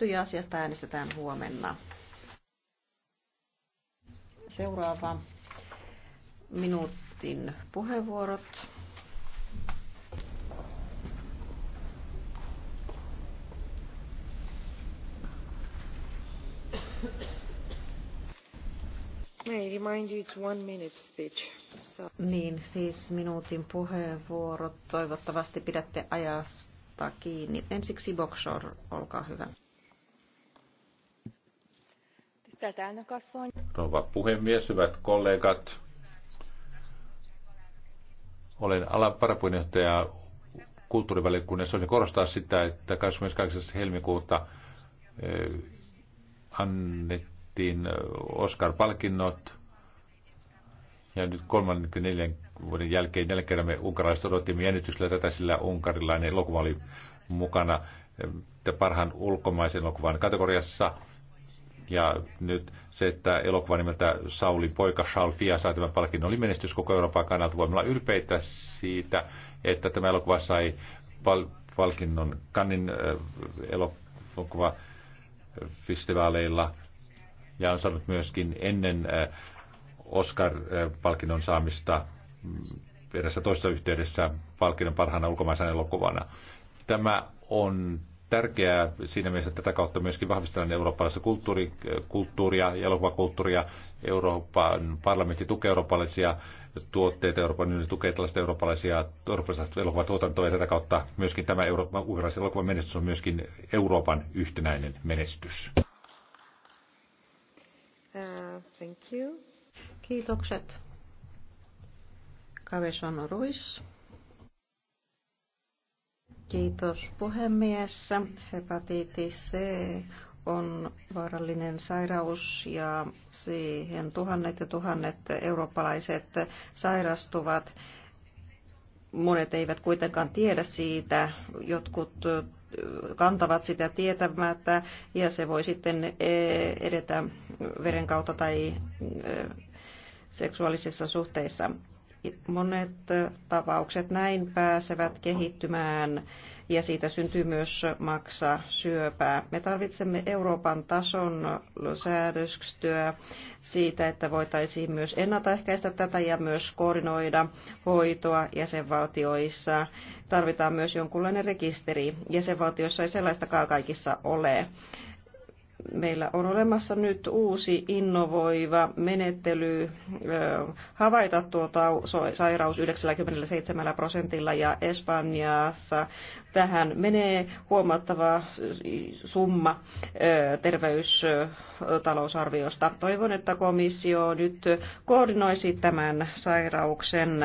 hyväksytty ja asiasta äänestetään huomenna. Seuraava minuutin puheenvuorot. May remind you it's one minute speech. So. Niin, siis minuutin puheenvuorot. Toivottavasti pidätte ajasta kiinni. Ensiksi Boxor, olkaa hyvä. Rova puhemies, hyvät kollegat. Olen alan varapuheenjohtaja kulttuurivaliokunnassa. Olen korostaa sitä, että 28. helmikuuta eh, annettiin eh, Oscar-palkinnot. Ja nyt 34 vuoden jälkeen jälleen kerran me unkaralaiset odottimme jännityksellä tätä, sillä unkarilainen elokuva oli mukana eh, parhaan ulkomaisen elokuvan kategoriassa – ja nyt se, että elokuva nimeltä Saulin poika Charles Fia sai tämän palkinnon, oli menestys koko Euroopan kannalta. Voimme olla ylpeitä siitä, että tämä elokuva sai pal- palkinnon Kannin äh, elokuva festivaaleilla ja on saanut myöskin ennen äh, Oscar-palkinnon saamista mm, erässä toisessa yhteydessä palkinnon parhaana ulkomaisena elokuvana. Tämä on tärkeää siinä mielessä, että tätä kautta myöskin vahvistetaan eurooppalaista kulttuuri, kulttuuria elokuvakulttuuria. Euroopan parlamentti tukee eurooppalaisia tuotteita, Euroopan unioni tukee tällaista eurooppalaisia, eurooppalaista elokuvatuotantoa ja tätä kautta myöskin tämä Euroopan uhraisen elokuvan menestys on myöskin Euroopan yhtenäinen menestys. Uh, thank you. Kiitokset. Kaveson Ruiz. Kiitos puhemies. Hepatiitis C on vaarallinen sairaus ja siihen tuhannet ja tuhannet eurooppalaiset sairastuvat. Monet eivät kuitenkaan tiedä siitä. Jotkut äh, kantavat sitä tietämättä ja se voi sitten äh, edetä veren kautta tai äh, seksuaalisissa suhteissa. Monet tapaukset näin pääsevät kehittymään ja siitä syntyy myös maksa syöpää. Me tarvitsemme Euroopan tason säädöstyä siitä, että voitaisiin myös ennaltaehkäistä tätä ja myös koordinoida hoitoa jäsenvaltioissa. Tarvitaan myös jonkunlainen rekisteri. Jäsenvaltioissa ei sellaistakaan kaikissa ole meillä on olemassa nyt uusi innovoiva menettely havaita tuo sairaus 97 prosentilla ja Espanjassa tähän menee huomattava summa terveystalousarviosta. Toivon, että komissio nyt koordinoisi tämän sairauksen,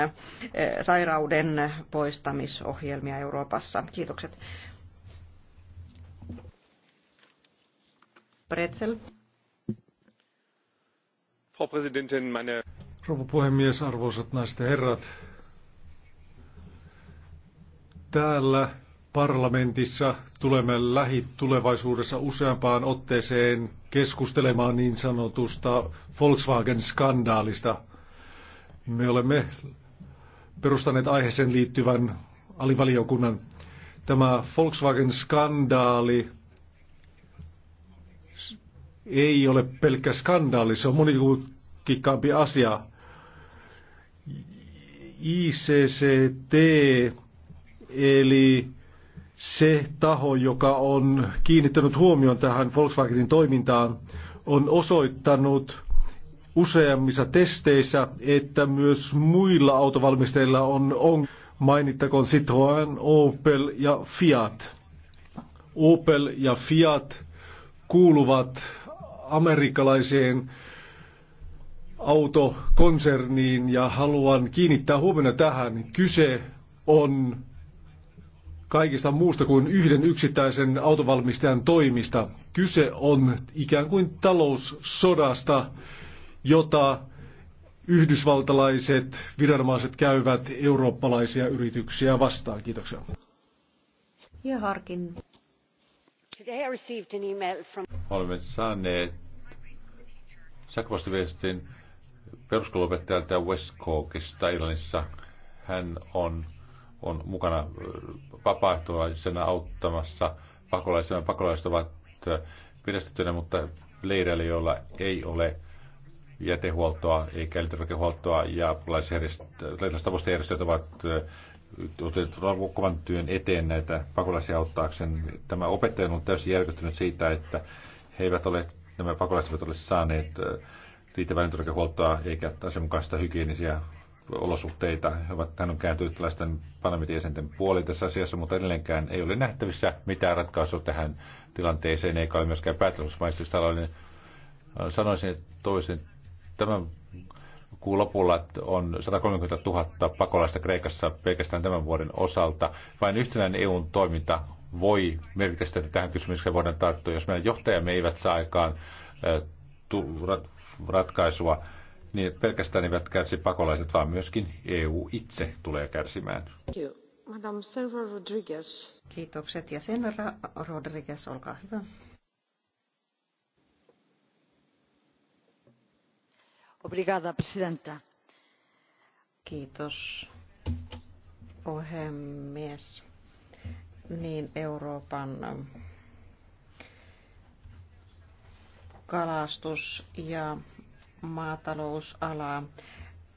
sairauden poistamisohjelmia Euroopassa. Kiitokset. Pretzel. Frau Präsidentin, meine... Rouva puhemies, arvoisat naiset ja herrat. Täällä parlamentissa tulemme lähitulevaisuudessa useampaan otteeseen keskustelemaan niin sanotusta Volkswagen-skandaalista. Me olemme perustaneet aiheeseen liittyvän alivaliokunnan. Tämä Volkswagen-skandaali ei ole pelkkä skandaali, se on monikikkaampi asia. ICCT, eli se taho, joka on kiinnittänyt huomioon tähän Volkswagenin toimintaan, on osoittanut useammissa testeissä, että myös muilla autovalmistajilla on ongelmia. Mainittakoon Citroën, Opel ja Fiat. Opel ja Fiat kuuluvat amerikkalaiseen autokonserniin ja haluan kiinnittää huomenna tähän. Kyse on kaikista muusta kuin yhden yksittäisen autovalmistajan toimista. Kyse on ikään kuin taloussodasta, jota yhdysvaltalaiset viranomaiset käyvät eurooppalaisia yrityksiä vastaan. Kiitoksia. Ja harkin. Olemme saaneet sähköpostiviestin peruskouluopettajalta West Corkista Irlannissa. Hän on, on mukana vapaaehtoisena auttamassa pakolaisia. Pakolaiset ovat pidästettynä, mutta leireillä, joilla ei ole jätehuoltoa eikä elintarvikehuoltoa ja erilaisjärjest... erilaiset ovat otettu kovan työn eteen näitä pakolaisia auttaakseen. Tämä opettaja on täysin järkyttynyt siitä, että he eivät ole, nämä pakolaiset eivät ole saaneet riittävää elintarvikehuoltoa eikä asianmukaista hygienisiä olosuhteita. Hän on kääntynyt tällaisten parlamentin jäsenten puoleen tässä asiassa, mutta edelleenkään ei ole nähtävissä mitään ratkaisua tähän tilanteeseen, eikä ole myöskään päätösmaistus Sanoisin, että toisin tämän kuun lopulla on 130 000 pakolaista Kreikassa pelkästään tämän vuoden osalta. Vain yhtenäinen EUn toiminta voi merkitä sitä, että tähän kysymykseen voidaan tarttua. Jos meidän johtajamme eivät saa aikaan ratkaisua, niin pelkästään eivät kärsi pakolaiset, vaan myöskin EU itse tulee kärsimään. Kiitokset. Ja Senra Rodriguez, olkaa hyvä. arvoisa Kiitos, puhemies. Niin Euroopan ähm, kalastus ja maatalousala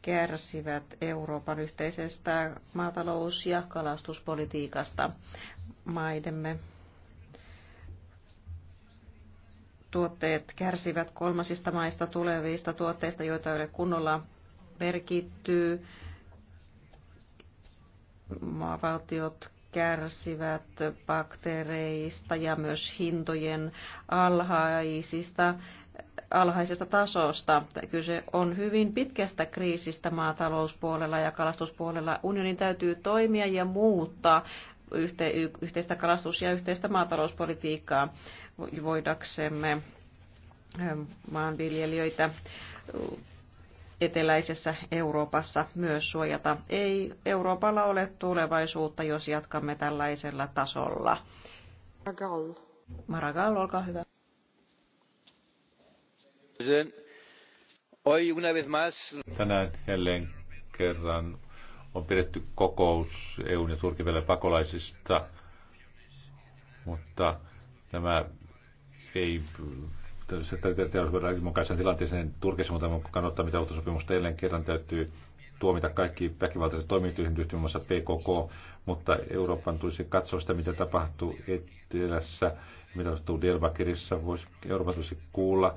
kärsivät Euroopan yhteisestä maatalous- ja kalastuspolitiikasta maidemme tuotteet kärsivät kolmasista maista tulevista tuotteista, joita ei ole kunnolla merkitty. Maavaltiot kärsivät bakteereista ja myös hintojen alhaisista alhaisesta tasosta. Kyse on hyvin pitkästä kriisistä maatalouspuolella ja kalastuspuolella. Unionin täytyy toimia ja muuttaa yhteistä kalastus- ja yhteistä maatalouspolitiikkaa voidaksemme ähm, maanviljelijöitä eteläisessä Euroopassa myös suojata. Ei Euroopalla ole tulevaisuutta, jos jatkamme tällaisella tasolla. Maragall. Maragall, olkaa hyvä. Tänään jälleen kerran on pidetty kokous EUn ja Turkin pakolaisista, mutta nämä ei teollisuuden mukaisen tilanteeseen Turkissa, mutta kannattaa mitä uutta sopimusta jälleen kerran täytyy tuomita kaikki väkivaltaiset toimijat, muun muassa PKK, mutta Euroopan tulisi katsoa sitä, mitä tapahtuu etelässä, mitä tapahtuu Diyarbakirissa. Voisi, Euroopan tulisi kuulla,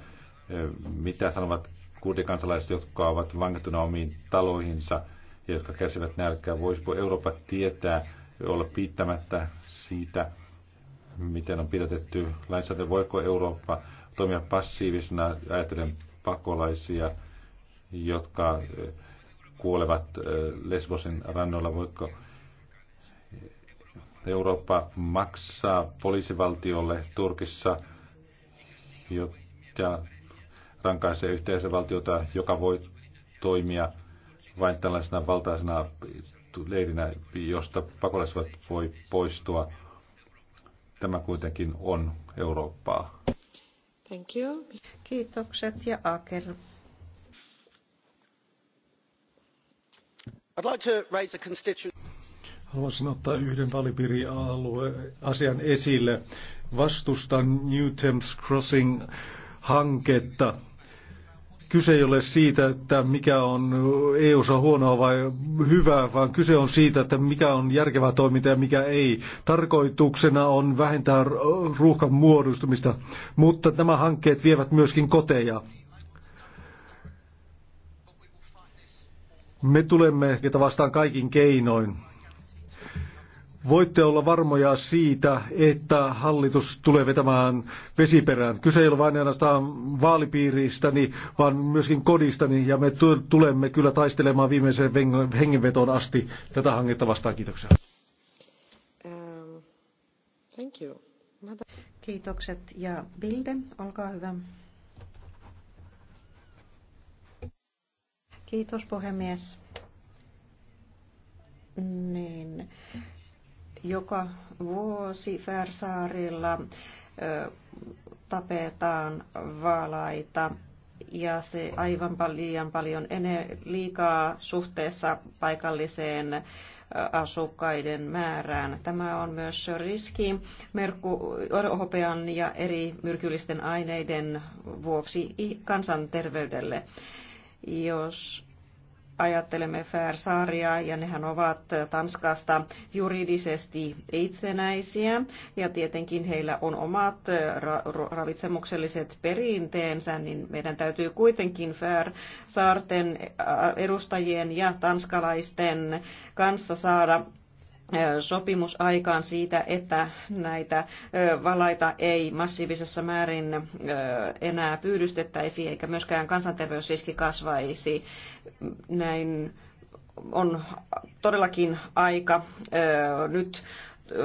eh, mitä sanovat kurdikansalaiset, jotka ovat vangittuna omiin taloihinsa ja jotka kärsivät nälkää. Voisiko Eurooppa tietää, olla piittämättä siitä, miten on pidätetty lainsäädäntö, voiko Eurooppa toimia passiivisena, ajatellen pakolaisia, jotka eh, kuolevat eh, Lesbosin rannoilla, voiko Eurooppa maksaa poliisivaltiolle Turkissa ja rankaisee yhteisövaltiota, joka voi toimia vain tällaisena valtaisena leirinä, josta pakolaiset voi poistua. Tämä kuitenkin on Eurooppaa. Thank you. Kiitokset ja Aker. I'd like to raise a constituent... Haluaisin ottaa yhden asian esille. Vastustan New Thames Crossing hanketta. Kyse ei ole siitä, että mikä on EU-ssa huonoa vai hyvää, vaan kyse on siitä, että mikä on järkevää toimintaa ja mikä ei. Tarkoituksena on vähentää ruuhkan muodostumista, mutta nämä hankkeet vievät myöskin koteja. Me tulemme vastaan kaikin keinoin. Voitte olla varmoja siitä, että hallitus tulee vetämään vesiperään. Kyse ei ole vain ainoastaan vaalipiiristäni, vaan myöskin kodistani, ja me tulemme kyllä taistelemaan viimeiseen hengenvetoon asti tätä hanketta vastaan. Kiitoksia. Um, thank you. Kiitokset. Ja Bilden olkaa hyvä. Kiitos puhemies. Niin joka vuosi Färsaarilla tapetaan valaita ja se aivan liian paljon ene, liikaa suhteessa paikalliseen asukkaiden määrään. Tämä on myös riski merkku, hopean ja eri myrkyllisten aineiden vuoksi kansanterveydelle. Jos ajattelemme Färsaaria, ja nehän ovat Tanskasta juridisesti itsenäisiä, ja tietenkin heillä on omat ra- ravitsemukselliset perinteensä, niin meidän täytyy kuitenkin Färsaarten edustajien ja tanskalaisten kanssa saada sopimus aikaan siitä, että näitä valaita ei massiivisessa määrin enää pyydystettäisi eikä myöskään kansanterveysriski kasvaisi. Näin on todellakin aika nyt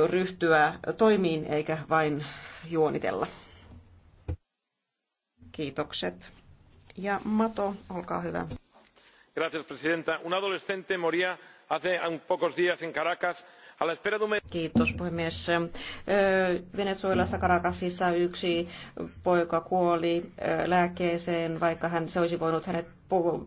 ryhtyä toimiin eikä vain juonitella. Kiitokset. Ja Mato, olkaa hyvä. Gracias, presidenta. Un adolescente moría hace pocos días en caracas Kiitos puhemies. Venezuelassa Caracasissa yksi poika kuoli lääkkeeseen, vaikka hän, se olisi voinut hänet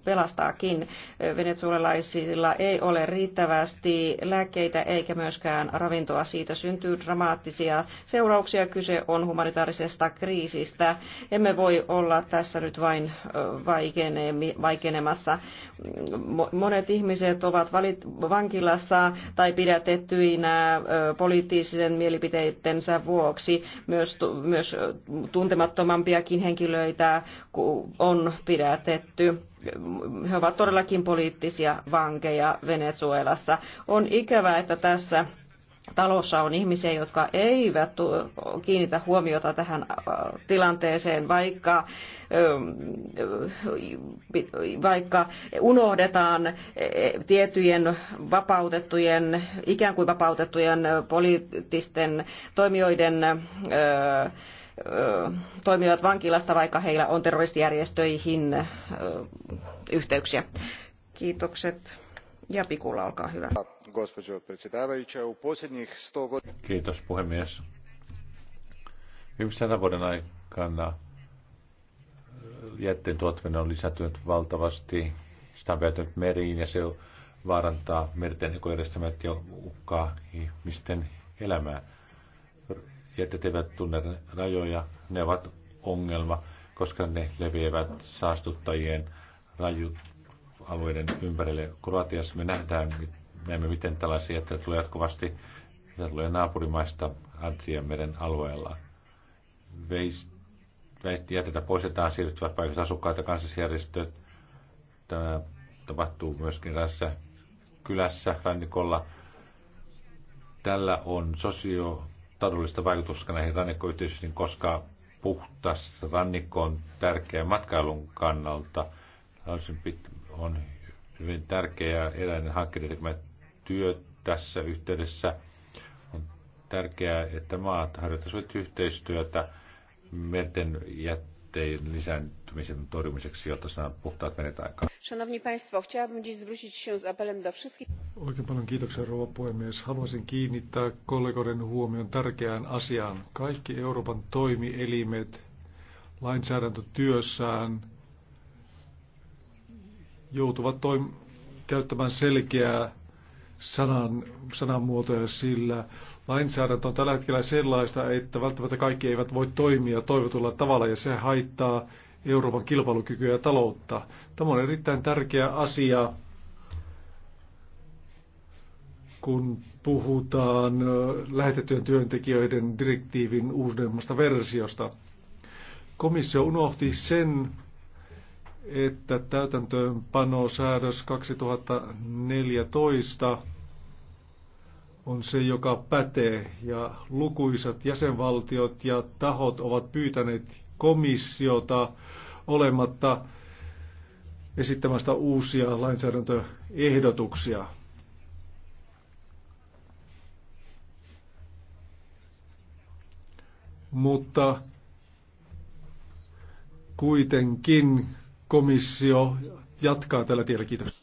pelastaakin. Venezuelalaisilla ei ole riittävästi lääkkeitä eikä myöskään ravintoa. Siitä syntyy dramaattisia seurauksia. Kyse on humanitaarisesta kriisistä. Emme voi olla tässä nyt vain vaikenemassa. Monet ihmiset ovat vankilassa tai pidätetty syinä poliittisen mielipiteittensä vuoksi. Myös, myös tuntemattomampiakin henkilöitä on pidätetty he ovat todellakin poliittisia vankeja Venezuelassa. On ikävää, että tässä talossa on ihmisiä, jotka eivät kiinnitä huomiota tähän äh, tilanteeseen, vaikka, ähm, äh, vaikka unohdetaan äh, tiettyjen vapautettujen, ikään kuin vapautettujen poliittisten toimijoiden toimivat vankilasta, vaikka heillä on terroristijärjestöihin yhteyksiä. Kiitokset. Ja hyvä. Kiitos puhemies. Viimeisen sadan vuoden aikana jätteen tuottaminen on lisääntynyt valtavasti. Sitä on päätynyt meriin ja se vaarantaa merten ekojärjestelmät ja uhkaa ihmisten elämää. Jätteet eivät tunne rajoja, ne ovat ongelma, koska ne leviävät saastuttajien raju, alueiden ympärille. Kroatiassa me nähdään, näemme miten tällaisia jätteitä tulee jatkuvasti, mitä tulee naapurimaista Antrian meren alueella. Veist, jätetä poistetaan, siirtyvät paikassa asukkaat ja kansallisjärjestöt. Tämä tapahtuu myöskin tässä kylässä rannikolla. Tällä on sosio taloudellista vaikutusta näihin rannikkoyhteisöihin, koska puhtas rannikko on tärkeä matkailun kannalta. Haluaisin on hyvin tärkeää eräinen hankkeiden tekemä työ tässä yhteydessä. On tärkeää, että maat harjoittaisivat yhteistyötä merten jätteen lisääntymisen torjumiseksi, jotta saadaan puhtaat menet aikaan. Szanowni Państwo, chciałabym dziś zwrócić się z apelem do wszystkich. Oikein paljon kiitoksia, rouva puhemies. Haluaisin kiinnittää kollegoiden huomion tärkeään asiaan. Kaikki Euroopan toimielimet lainsäädäntötyössään joutuvat toim- käyttämään selkeää sanan, sananmuotoja, sillä lainsäädäntö on tällä hetkellä sellaista, että välttämättä kaikki eivät voi toimia toivotulla tavalla ja se haittaa Euroopan kilpailukykyä ja taloutta. Tämä on erittäin tärkeä asia, kun puhutaan lähetettyjen työntekijöiden direktiivin uudemmasta versiosta. Komissio unohti sen, että täytäntöönpanosäädös 2014 on se, joka pätee, ja lukuisat jäsenvaltiot ja tahot ovat pyytäneet komissiota olematta esittämästä uusia lainsäädäntöehdotuksia. Mutta kuitenkin komissio jatkaa tällä tiellä. Kiitos.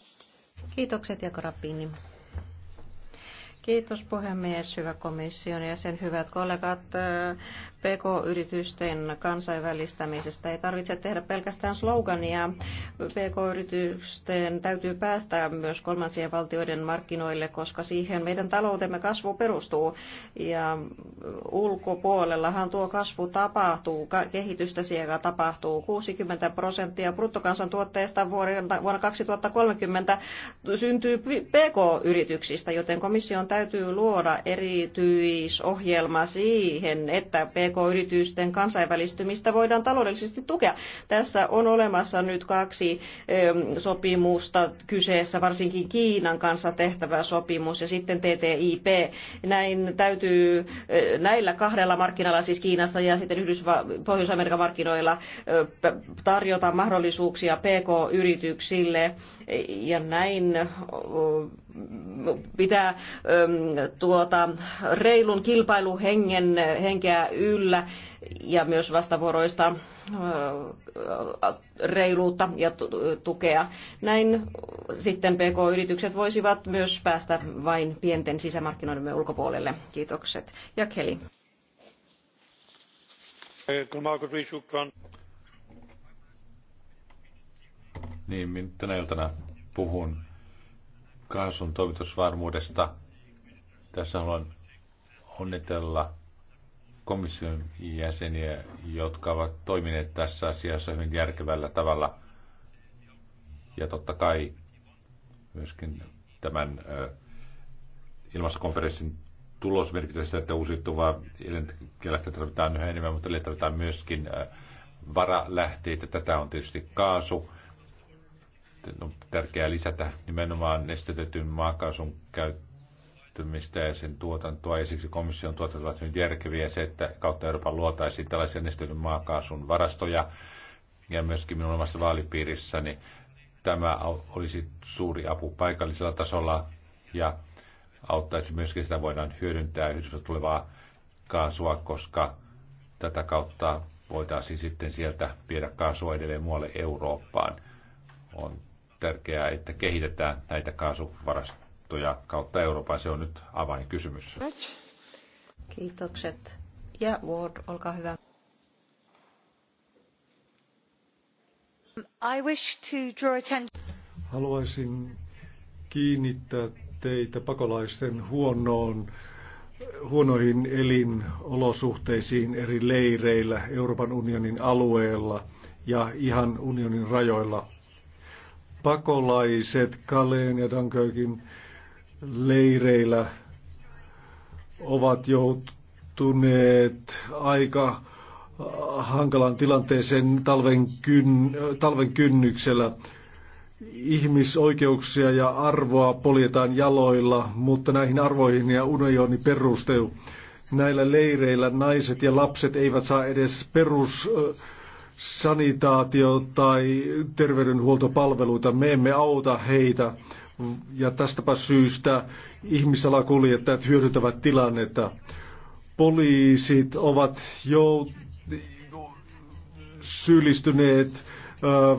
Kiitokset ja Rapini. Kiitos puhemies, hyvä komission ja sen hyvät kollegat. PK-yritysten kansainvälistämisestä. Ei tarvitse tehdä pelkästään slogania. PK-yritysten täytyy päästä myös kolmansien valtioiden markkinoille, koska siihen meidän taloutemme kasvu perustuu. Ja ulkopuolellahan tuo kasvu tapahtuu, kehitystä siellä tapahtuu. 60 prosenttia bruttokansantuotteesta vuonna 2030 syntyy pk-yrityksistä, joten komission täytyy luoda erityisohjelma siihen, että pk PK-yritysten kansainvälistymistä voidaan taloudellisesti tukea. Tässä on olemassa nyt kaksi sopimusta kyseessä, varsinkin Kiinan kanssa tehtävä sopimus ja sitten TTIP. Näin täytyy eh, näillä kahdella markkinalla, siis Kiinassa ja sitten Yhdysva- Pohjois-Amerikan markkinoilla, eh, tarjota mahdollisuuksia PK-yrityksille ja näin eh, pitää ähm, tuota, reilun kilpailuhengen henkeä yllä ja myös vastavuoroista äh, reiluutta ja tukea. Näin sitten PK-yritykset voisivat myös päästä vain pienten sisämarkkinoidemme ulkopuolelle. Kiitokset. Ja Kelly. Niin, tänä iltana puhun kaasun toimitusvarmuudesta. Tässä haluan onnitella komission jäseniä, jotka ovat toimineet tässä asiassa hyvin järkevällä tavalla. Ja totta kai myöskin tämän ilmastokonferenssin tulos merkitsee että uusiutuvaa energialähteä tarvitaan yhä enemmän, mutta tarvitaan myöskin varalähteitä. Tätä on tietysti kaasu on tärkeää lisätä nimenomaan nestetetyn maakaasun käyttämistä ja sen tuotantoa. Ja siksi komission tuotanto ovat nyt järkeviä se, että kautta Euroopan luotaisiin tällaisia nestetyn maakaasun varastoja. Ja myöskin minun omassa vaalipiirissäni tämä olisi suuri apu paikallisella tasolla ja auttaisi myöskin sitä voidaan hyödyntää yhdessä tulevaa kaasua, koska tätä kautta voitaisiin sitten sieltä viedä kaasua edelleen muualle Eurooppaan. On tärkeää, että kehitetään näitä kaasuvarastoja kautta Euroopan. Se on nyt avainkysymys. Kiitokset. Ja Ward, olkaa hyvä. I wish to draw attention. Haluaisin kiinnittää teitä pakolaisten huonoon, huonoihin elinolosuhteisiin eri leireillä Euroopan unionin alueella ja ihan unionin rajoilla pakolaiset Kaleen ja Dunkirkin leireillä ovat joutuneet aika äh, hankalan tilanteeseen talven, kyn, talven kynnyksellä. Ihmisoikeuksia ja arvoa poljetaan jaloilla, mutta näihin arvoihin ja unioni perusteu Näillä leireillä naiset ja lapset eivät saa edes perus äh, sanitaatio- tai terveydenhuoltopalveluita. Me emme auta heitä ja tästäpä syystä ihmisalakuljettajat hyödyntävät tilannetta. Poliisit ovat jo syyllistyneet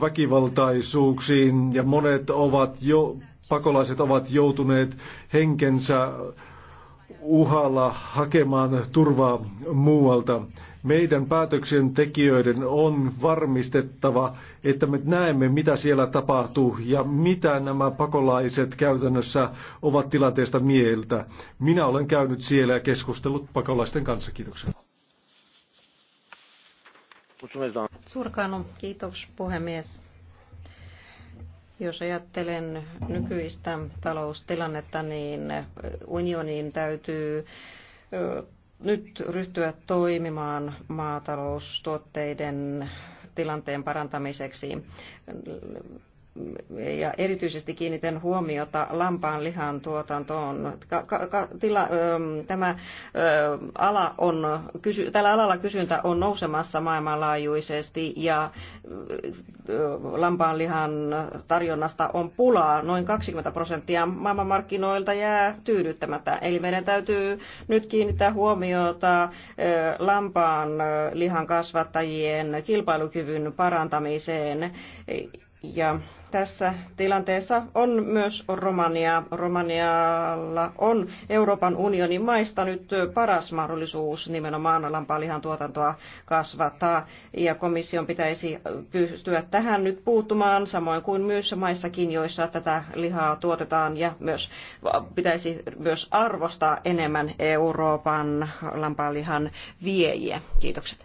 väkivaltaisuuksiin ja monet ovat jo, pakolaiset ovat joutuneet henkensä uhalla hakemaan turvaa muualta. Meidän päätöksentekijöiden on varmistettava, että me näemme, mitä siellä tapahtuu ja mitä nämä pakolaiset käytännössä ovat tilanteesta mieltä. Minä olen käynyt siellä ja keskustellut pakolaisten kanssa. Kiitoksia. Surkanu, kiitos puhemies. Jos ajattelen nykyistä taloustilannetta, niin unionin täytyy nyt ryhtyä toimimaan maataloustuotteiden tilanteen parantamiseksi ja erityisesti kiinnitän huomiota lampaan lihan tuotantoon. Ka- ka- tila, tämä ala on, kysy- tällä alalla kysyntä on nousemassa maailmanlaajuisesti ja lampaan lihan tarjonnasta on pulaa. Noin 20 prosenttia maailmanmarkkinoilta jää tyydyttämättä. Eli meidän täytyy nyt kiinnittää huomiota lampaan lihan kasvattajien kilpailukyvyn parantamiseen ja tässä tilanteessa on myös Romania. Romanialla on Euroopan unionin maista nyt paras mahdollisuus nimenomaan lampaalihan tuotantoa kasvattaa. Ja komission pitäisi pystyä tähän nyt puuttumaan, samoin kuin myös maissakin, joissa tätä lihaa tuotetaan. Ja myös pitäisi myös arvostaa enemmän Euroopan lampaalihan viejiä. Kiitokset.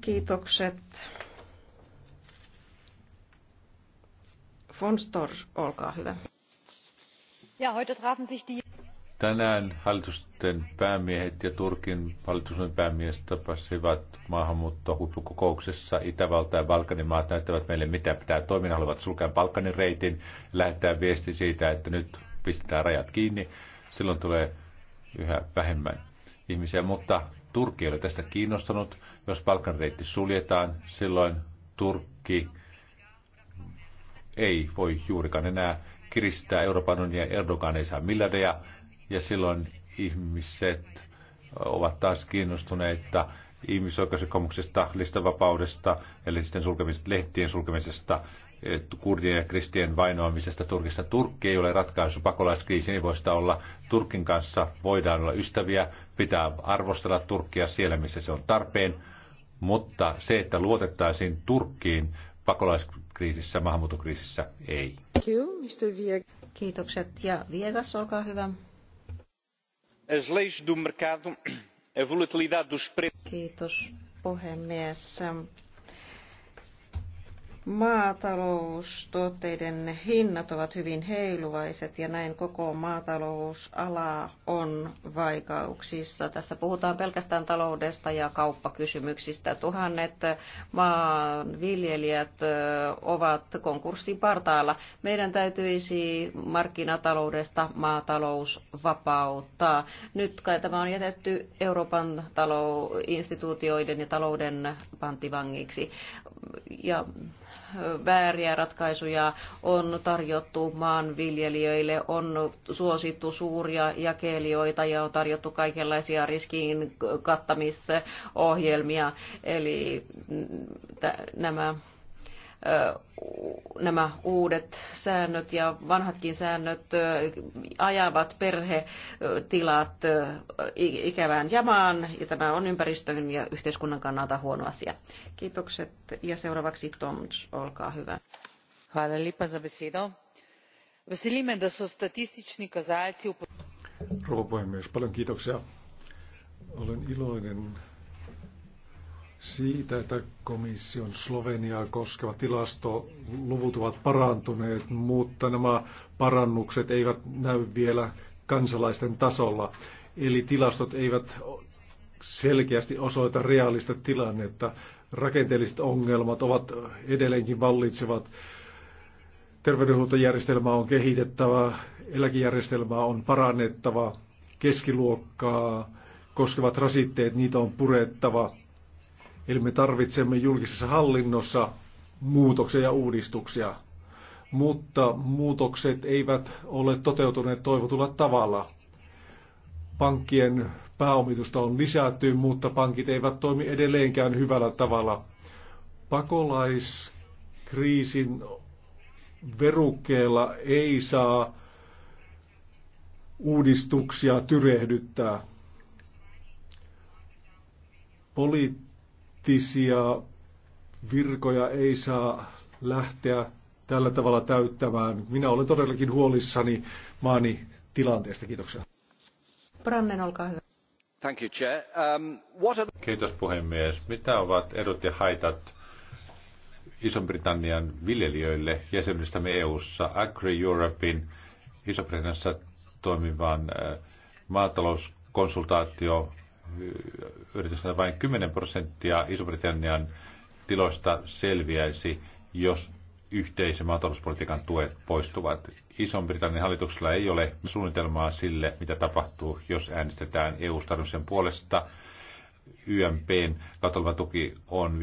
Kiitokset. von Storch, olkaa hyvä. Ja, heute trafen sich die... Tänään hallitusten päämiehet ja Turkin hallitusten päämies tapasivat maahanmuuttohuippukokouksessa. Itävalta ja Balkanin maat näyttävät meille, mitä pitää toimia. Haluavat sulkea Balkanin reitin ja lähettää viesti siitä, että nyt pistetään rajat kiinni. Silloin tulee yhä vähemmän ihmisiä, mutta Turkki ei ole tästä kiinnostunut. Jos Balkanin reitti suljetaan, silloin Turkki ei voi juurikaan enää kiristää Euroopan unionia. Erdogan ei saa miljardeja ja silloin ihmiset ovat taas kiinnostuneita ihmisoikeusrikkomuksesta, listavapaudesta, eli sitten sulkemisesta, lehtien sulkemisesta, kurdien ja kristien vainoamisesta Turkissa. Turkki ei ole ratkaisu pakolaiskriisiin, niin voista olla Turkin kanssa, voidaan olla ystäviä, pitää arvostella Turkkia siellä, missä se on tarpeen, mutta se, että luotettaisiin Turkkiin pakolaiskriisiin, kriisissä, maahanmuutokriisissä ei. Kiitokset ja vieras, olkaa hyvä. Kiitos puhemies. Maataloustuotteiden hinnat ovat hyvin heiluvaiset ja näin koko maatalousala on vaikeuksissa. Tässä puhutaan pelkästään taloudesta ja kauppakysymyksistä. Tuhannet maanviljelijät ovat konkurssin partaalla. Meidän täytyisi markkinataloudesta maatalous vapauttaa. Nyt kai tämä on jätetty Euroopan talou- instituutioiden ja talouden pantivangiksi. Ja vääriä ratkaisuja on tarjottu maanviljelijöille, on suosittu suuria jakelijoita ja on tarjottu kaikenlaisia riskiin kattamisohjelmia. Eli mm, nämä nämä uudet säännöt ja vanhatkin säännöt ajavat perhetilat ikävään jamaan ja tämä on ympäristön ja yhteiskunnan kannalta huono asia. Kiitokset ja seuraavaksi Tom, olkaa hyvä. Hvala lepa za besedo. Veseli da so statistični kazalci... Rouva puhemies, paljon kiitoksia. Olen iloinen siitä, että komission Sloveniaa tilasto, tilastoluvut ovat parantuneet, mutta nämä parannukset eivät näy vielä kansalaisten tasolla. Eli tilastot eivät selkeästi osoita realista tilannetta. Rakenteelliset ongelmat ovat edelleenkin vallitsevat. Terveydenhuoltojärjestelmää on kehitettävä, eläkejärjestelmää on parannettava, keskiluokkaa koskevat rasitteet, niitä on purettava – Eli me tarvitsemme julkisessa hallinnossa muutoksia ja uudistuksia, mutta muutokset eivät ole toteutuneet toivotulla tavalla. Pankkien pääomitusta on lisätty, mutta pankit eivät toimi edelleenkään hyvällä tavalla. Pakolaiskriisin verukkeella ei saa uudistuksia tyrehdyttää. Poliitt- poliittisia virkoja ei saa lähteä tällä tavalla täyttämään. Minä olen todellakin huolissani maani tilanteesta. Kiitoksia. Brannen, olkaa hyvä. Thank you, Chair. Um, what are the... Kiitos puhemies. Mitä ovat edut ja haitat Iso-Britannian viljelijöille jäsenyydestämme EU-ssa Agri Europein Iso-Britanniassa toimivan äh, maatalouskonsultaatio yritystä vain 10 prosenttia Iso-Britannian tiloista selviäisi, jos yhteisen maatalouspolitiikan tuet poistuvat. Iso-Britannian hallituksella ei ole suunnitelmaa sille, mitä tapahtuu, jos äänestetään EU-starvisen puolesta. YMPn katolva tuki on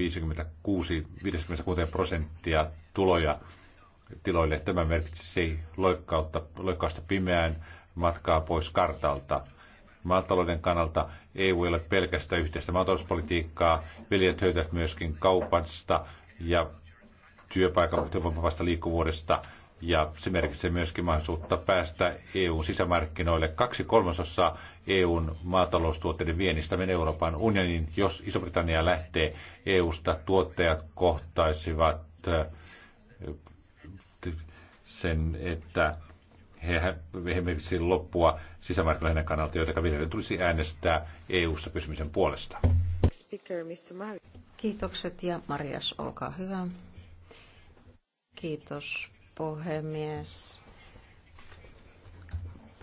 56-56 prosenttia tuloja tiloille. Tämä merkitsisi loikkausta pimeään matkaa pois kartalta maatalouden kannalta EU ei ole pelkästään yhteistä maatalouspolitiikkaa. Viljelijät hyötyvät myöskin kaupasta ja työpaikan työvoimavasta liikkuvuudesta. Ja se merkitsee myöskin mahdollisuutta päästä EUn sisämarkkinoille. Kaksi kolmasosaa EUn maataloustuotteiden viennistä menee Euroopan unionin. Jos Iso-Britannia lähtee EUsta, tuottajat kohtaisivat eh, sen, että he, he loppua sisämarkkinoiden kannalta, joita viljelijöiden tulisi äänestää EU-ssa pysymisen puolesta. Speaker, Mr. Kiitokset ja Marias, olkaa hyvä. Kiitos puhemies.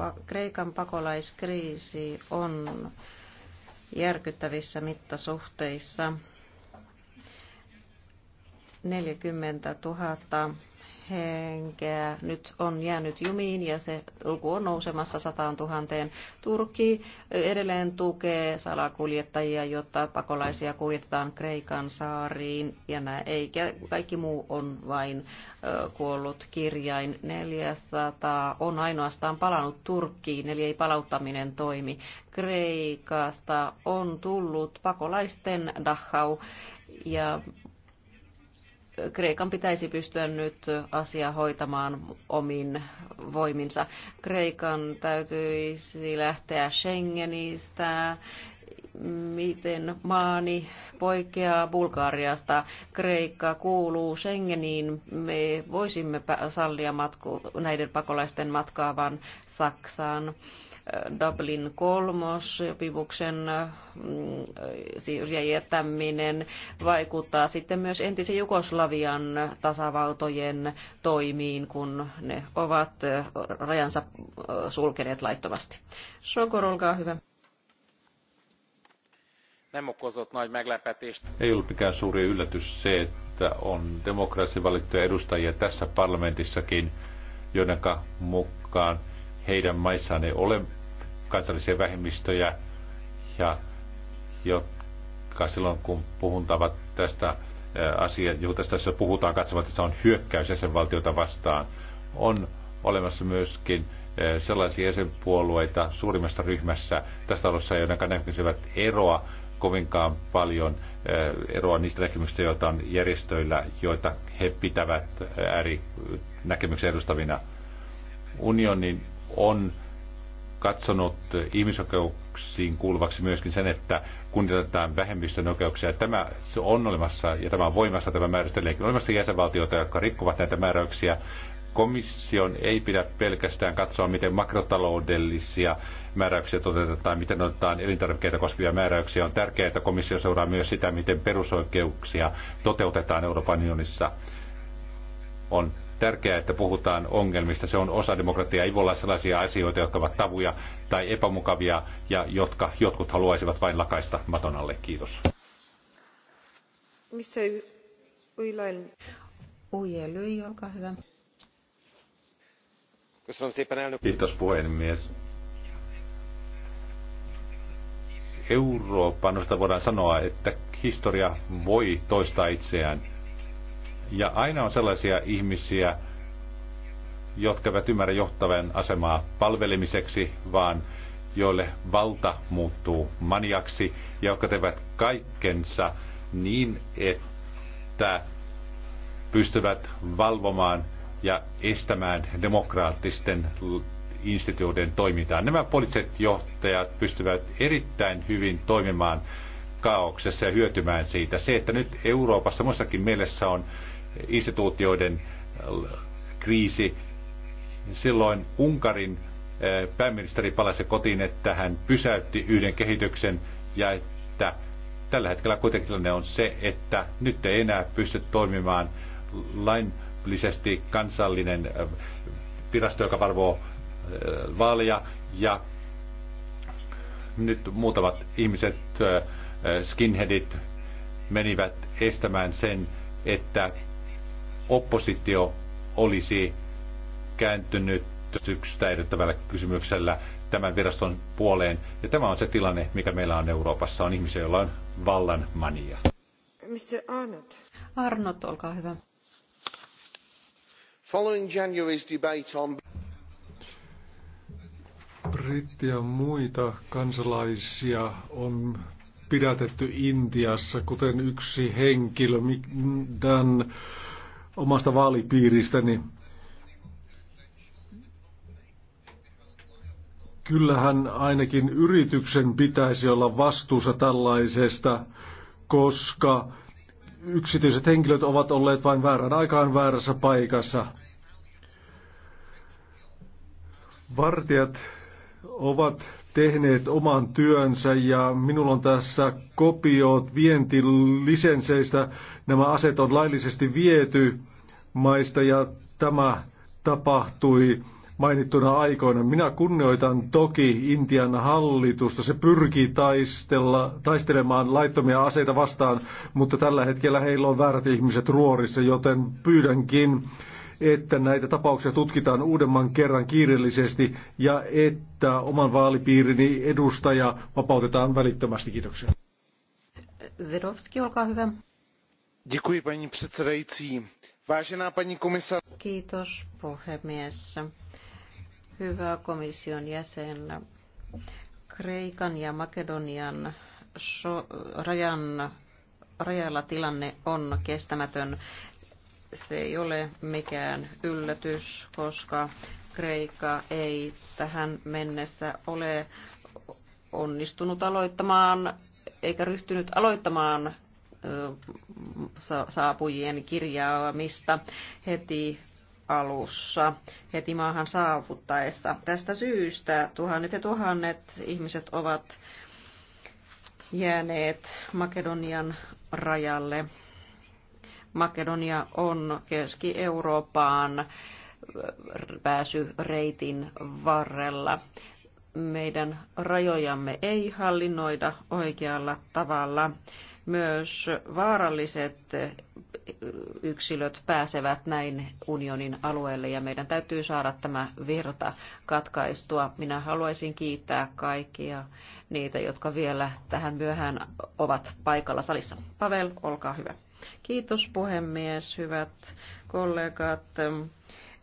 Pa- Kreikan pakolaiskriisi on järkyttävissä mittasuhteissa. 40 000 henkeä nyt on jäänyt jumiin ja se luku on nousemassa 100 000. Turkki edelleen tukee salakuljettajia, jotta pakolaisia kuljetetaan Kreikan saariin ja nämä, eikä kaikki muu on vain kuollut kirjain. 400 on ainoastaan palannut Turkkiin, eli ei palauttaminen toimi. Kreikasta on tullut pakolaisten Dachau ja Kreikan pitäisi pystyä nyt asia hoitamaan omin voiminsa. Kreikan täytyisi lähteä Schengenistä, miten maani poikkeaa Bulgariasta. Kreikka kuuluu Schengeniin. Me voisimme sallia matku, näiden pakolaisten matkaavan Saksaan Dublin kolmosopimuksen mm, jättäminen vaikuttaa sitten myös entisen Jugoslavian tasavaltojen toimiin, kun ne ovat rajansa sulkeneet laittomasti. Sokor, olkaa hyvä. Nem okozott nagy meglepetést. Ei ollut mikään suuri yllätys se, että on demokraattisesti valittuja edustajia tässä parlamentissakin, joiden mukaan heidän maissaan ei ole kansallisia vähemmistöjä ja jotka silloin kun puhuntavat tästä asiaa, johon tässä puhutaan, katsovat, että se on hyökkäys jäsenvaltiota vastaan, on olemassa myöskin sellaisia jäsenpuolueita suurimmassa ryhmässä tässä talossa, joiden näkyisivät eroa kovinkaan paljon eroa niistä näkemyksistä, joita on järjestöillä, joita he pitävät näkemyksen edustavina. Unionin on katsonut ihmisoikeuksiin kuuluvaksi myöskin sen, että kunnioitetaan vähemmistön oikeuksia. Tämä se on olemassa ja tämä on voimassa tämä määrästeleekin. On olemassa jäsenvaltioita, jotka rikkovat näitä määräyksiä. Komission ei pidä pelkästään katsoa, miten makrotaloudellisia määräyksiä toteutetaan, miten otetaan elintarvikkeita koskevia määräyksiä. On tärkeää, että komissio seuraa myös sitä, miten perusoikeuksia toteutetaan Euroopan unionissa. On tärkeää, että puhutaan ongelmista. Se on osa demokratiaa. Ei voi olla sellaisia asioita, jotka ovat tavuja tai epämukavia ja jotka jotkut haluaisivat vain lakaista maton alle. Kiitos. Missä Uilain? Uije Lyi, olkaa hyvä. Kiitos puhemies. Euroopan voidaan sanoa, että historia voi toistaa itseään ja aina on sellaisia ihmisiä, jotka eivät ymmärrä johtavan asemaa palvelemiseksi, vaan joille valta muuttuu maniaksi ja jotka tekevät kaikkensa niin, että pystyvät valvomaan ja estämään demokraattisten instituutioiden toimintaa. Nämä poliittiset johtajat pystyvät erittäin hyvin toimimaan kaauksessa ja hyötymään siitä. Se, että nyt Euroopassa muissakin mielessä on instituutioiden äh, kriisi. Silloin Unkarin äh, pääministeri palasi kotiin, että hän pysäytti yhden kehityksen ja että tällä hetkellä kuitenkin tilanne on se, että nyt ei enää pysty toimimaan lainlisesti kansallinen äh, virasto, joka varvoo vaaleja ja nyt muutamat ihmiset, skinheadit, menivät estämään sen, että oppositio olisi kääntynyt sitä kysymyksellä tämän viraston puoleen. Ja tämä on se tilanne, mikä meillä on Euroopassa, on ihmisiä, joilla on vallan mania. Mr. Arnott. Arnott, olkaa hyvä. Following January's debate on... Britti ja muita kansalaisia on pidätetty Intiassa, kuten yksi henkilö, Dan omasta vaalipiiristäni. Niin kyllähän ainakin yrityksen pitäisi olla vastuussa tällaisesta, koska yksityiset henkilöt ovat olleet vain väärän aikaan väärässä paikassa. Vartijat ovat tehneet oman työnsä ja minulla on tässä kopiot vientilisensseistä. Nämä aset on laillisesti viety maista ja tämä tapahtui mainittuna aikoina. Minä kunnioitan toki Intian hallitusta. Se pyrkii taistella, taistelemaan laittomia aseita vastaan, mutta tällä hetkellä heillä on väärät ihmiset ruorissa, joten pyydänkin että näitä tapauksia tutkitaan uudemman kerran kiireellisesti ja että oman vaalipiirini edustaja vapautetaan välittömästi. Kiitoksia. Zerovski, olkaa hyvä. Děkuji, paní předsedající. Vážená paní komisar... Kiitos, puhemies. Hyvä komission jäsen. Kreikan ja Makedonian so, rajan rajalla tilanne on kestämätön se ei ole mikään yllätys, koska Kreikka ei tähän mennessä ole onnistunut aloittamaan eikä ryhtynyt aloittamaan saapujien kirjaamista heti alussa, heti maahan saavuttaessa. Tästä syystä tuhannet ja tuhannet ihmiset ovat jääneet Makedonian rajalle Makedonia on Keski-Eurooppaan pääsyreitin varrella. Meidän rajojamme ei hallinnoida oikealla tavalla. Myös vaaralliset yksilöt pääsevät näin unionin alueelle ja meidän täytyy saada tämä virta katkaistua. Minä haluaisin kiittää kaikkia niitä, jotka vielä tähän myöhään ovat paikalla salissa. Pavel, olkaa hyvä. Kiitos puhemies, hyvät kollegat.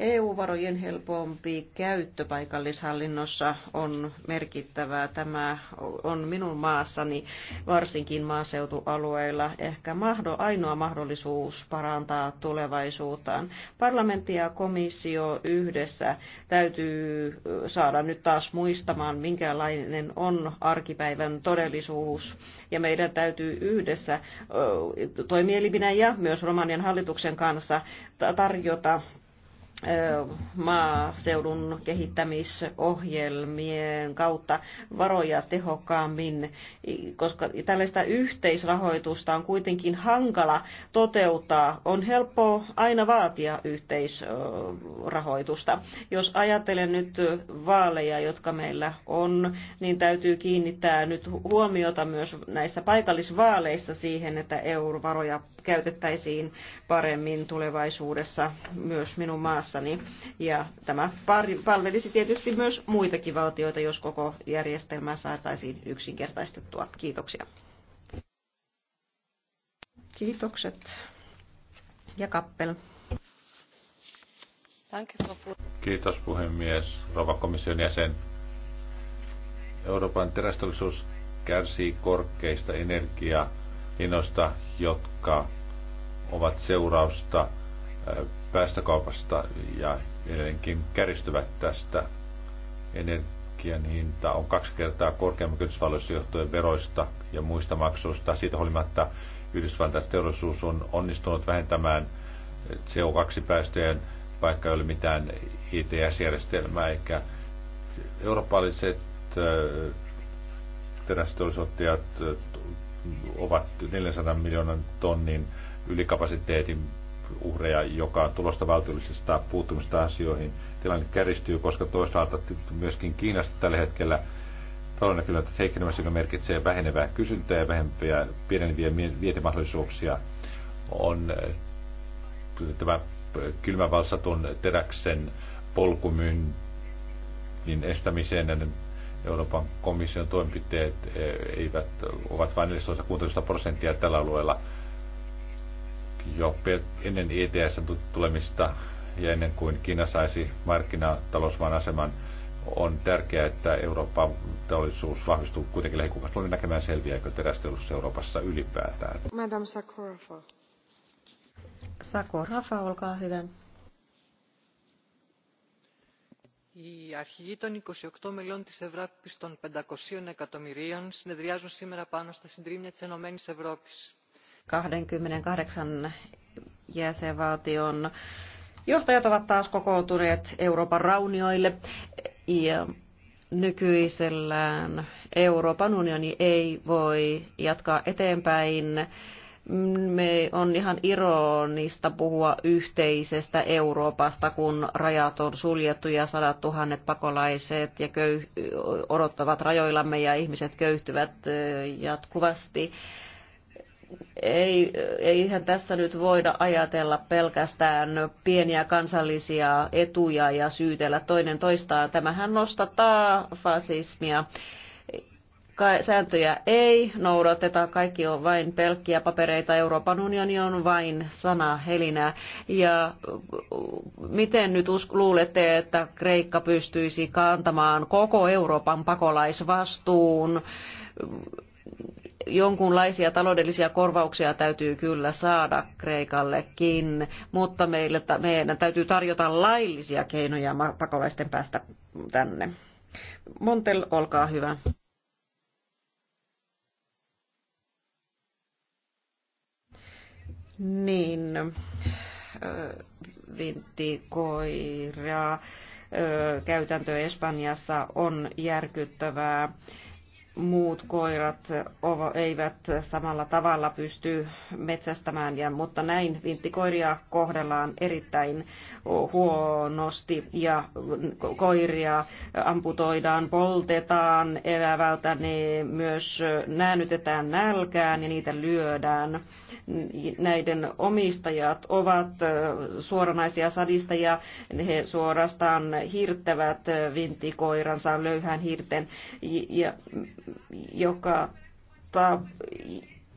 EU-varojen helpompi käyttö paikallishallinnossa on merkittävää. Tämä on minun maassani, varsinkin maaseutualueilla, ehkä mahdo, ainoa mahdollisuus parantaa tulevaisuuttaan. Parlamentti ja komissio yhdessä täytyy saada nyt taas muistamaan, minkälainen on arkipäivän todellisuus. Ja meidän täytyy yhdessä toimieliminä ja myös Romanian hallituksen kanssa tarjota maaseudun kehittämisohjelmien kautta varoja tehokkaammin, koska tällaista yhteisrahoitusta on kuitenkin hankala toteuttaa. On helppo aina vaatia yhteisrahoitusta. Jos ajattelen nyt vaaleja, jotka meillä on, niin täytyy kiinnittää nyt huomiota myös näissä paikallisvaaleissa siihen, että eurovaroja käytettäisiin paremmin tulevaisuudessa myös minun maassa maassani. Ja tämä palvelisi tietysti myös muitakin valtioita, jos koko järjestelmää saataisiin yksinkertaistettua. Kiitoksia. Kiitokset. Ja kappel. Kiitos puhemies, rouva komission jäsen. Euroopan terästollisuus kärsii korkeista energiahinoista, jotka ovat seurausta äh, päästökaupasta ja edelleenkin käristyvät tästä. Energian hinta on kaksi kertaa korkeammin Yhdysvalloissa johtuen veroista ja muista maksuista. Siitä huolimatta Yhdysvaltain teollisuus on onnistunut vähentämään CO2-päästöjen, vaikka ei ole mitään ITS-järjestelmää, eikä eurooppalaiset äh, terästeollisuuttajat äh, ovat 400 miljoonan tonnin ylikapasiteetin uhreja, joka on tulosta valtiollisesta puuttumista asioihin. Tilanne kärjistyy, koska toisaalta myöskin Kiinasta tällä hetkellä talouden kyllä heikkenemässä, joka merkitsee vähenevää kysyntää ja vähempiä pieneneviä vietimahdollisuuksia, on äh, tämä kylmävalsatun teräksen polkumyynnin estämiseen näiden Euroopan komission toimenpiteet äh, eivät, ovat vain 14 prosenttia tällä alueella jo ennen ETSn tulemista ja ennen kuin Kiina saisi markkinatalousmaan aseman, on tärkeää, että Euroopan teollisuus vahvistuu kuitenkin lähikuukausina. Olemme näkemään selviääkö terästeollisuus Euroopassa ylipäätään. Madame Sakorafa. Sakorafa, olkaa hyvä. Οι αρχηγοί των 28 μελών της Ευρώπης των 500 εκατομμυρίων συνεδριάζουν σήμερα πάνω στα συντρίμια της Ενωμένης Ευρώπης 28 jäsenvaltion johtajat ovat taas kokoontuneet Euroopan raunioille ja nykyisellään Euroopan unioni ei voi jatkaa eteenpäin me on ihan ironista puhua yhteisestä Euroopasta, kun rajat on suljettu ja sadat tuhannet pakolaiset ja köy- odottavat rajoillamme ja ihmiset köyhtyvät äh, jatkuvasti ei, eihän tässä nyt voida ajatella pelkästään pieniä kansallisia etuja ja syytellä toinen toistaan. Tämähän nostataa fasismia. Sääntöjä ei noudateta, kaikki on vain pelkkiä papereita, Euroopan unioni on vain sana helinää. Ja miten nyt luulette, että Kreikka pystyisi kantamaan koko Euroopan pakolaisvastuun? jonkunlaisia taloudellisia korvauksia täytyy kyllä saada Kreikallekin, mutta meille, meidän täytyy tarjota laillisia keinoja pakolaisten päästä tänne. Montel, olkaa hyvä. Niin, vinttikoira käytäntö Espanjassa on järkyttävää muut koirat eivät samalla tavalla pysty metsästämään, ja, mutta näin vinttikoiria kohdellaan erittäin huonosti ja koiria amputoidaan, poltetaan elävältä, ne myös näännytetään nälkään ja niitä lyödään. Näiden omistajat ovat suoranaisia sadistajia, he suorastaan hirttävät vinttikoiransa löyhän hirten ja joka ta,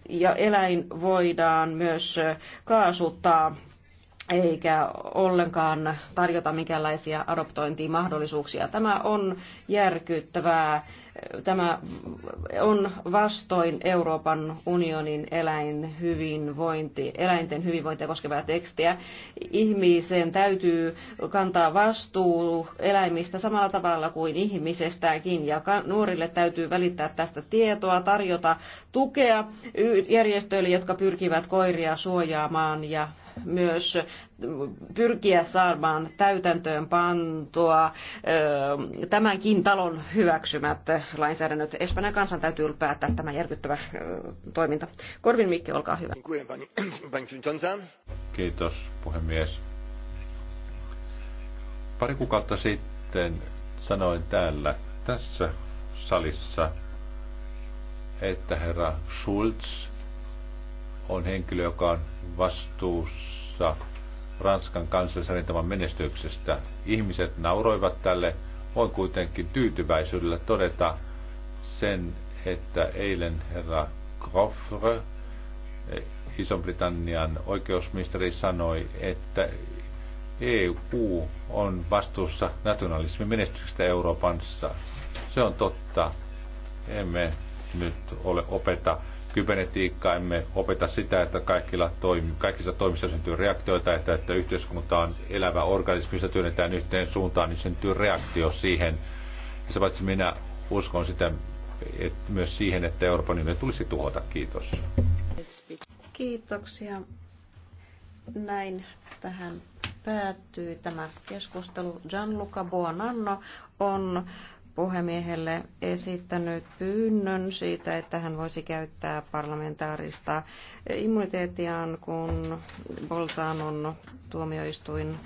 ja eläin voidaan myös kaasuttaa eikä ollenkaan tarjota minkäänlaisia adoptointimahdollisuuksia. Tämä on järkyttävää. Tämä on vastoin Euroopan unionin eläin hyvinvointi, eläinten hyvinvointia koskevaa tekstiä. Ihmisen täytyy kantaa vastuu eläimistä samalla tavalla kuin ihmisestäkin. ja nuorille täytyy välittää tästä tietoa, tarjota tukea järjestöille, jotka pyrkivät koiria suojaamaan ja myös pyrkiä saamaan täytäntöön pantua tämänkin talon hyväksymät lainsäädännöt. Espanjan kansan täytyy päättää tämä järkyttävä toiminta. Korvin Mikki, olkaa hyvä. Kiitos puhemies. Pari kuukautta sitten sanoin täällä tässä salissa, että herra Schulz on henkilö, joka on vastuussa Ranskan kansallisrintaman menestyksestä. Ihmiset nauroivat tälle. Voin kuitenkin tyytyväisyydellä todeta sen, että eilen herra Groffre, Iso-Britannian oikeusministeri, sanoi, että EU on vastuussa nationalismin menestyksestä Euroopassa. Se on totta. Emme nyt ole opeta kybernetiikkaa, emme opeta sitä, että kaikilla toimi, kaikissa toimissa syntyy reaktioita, että, että yhteiskunta on elävä organismi, jossa työnnetään yhteen suuntaan, niin syntyy reaktio siihen. Ja se paitsi minä uskon sitä että myös siihen, että Euroopan unioni tulisi tuhota. Kiitos. Kiitoksia. Näin tähän päättyy tämä keskustelu. Gianluca Buonanno on puhemiehelle esittänyt pyynnön siitä, että hän voisi käyttää parlamentaarista immuniteettiaan, kun Bolzanon tuomioistuin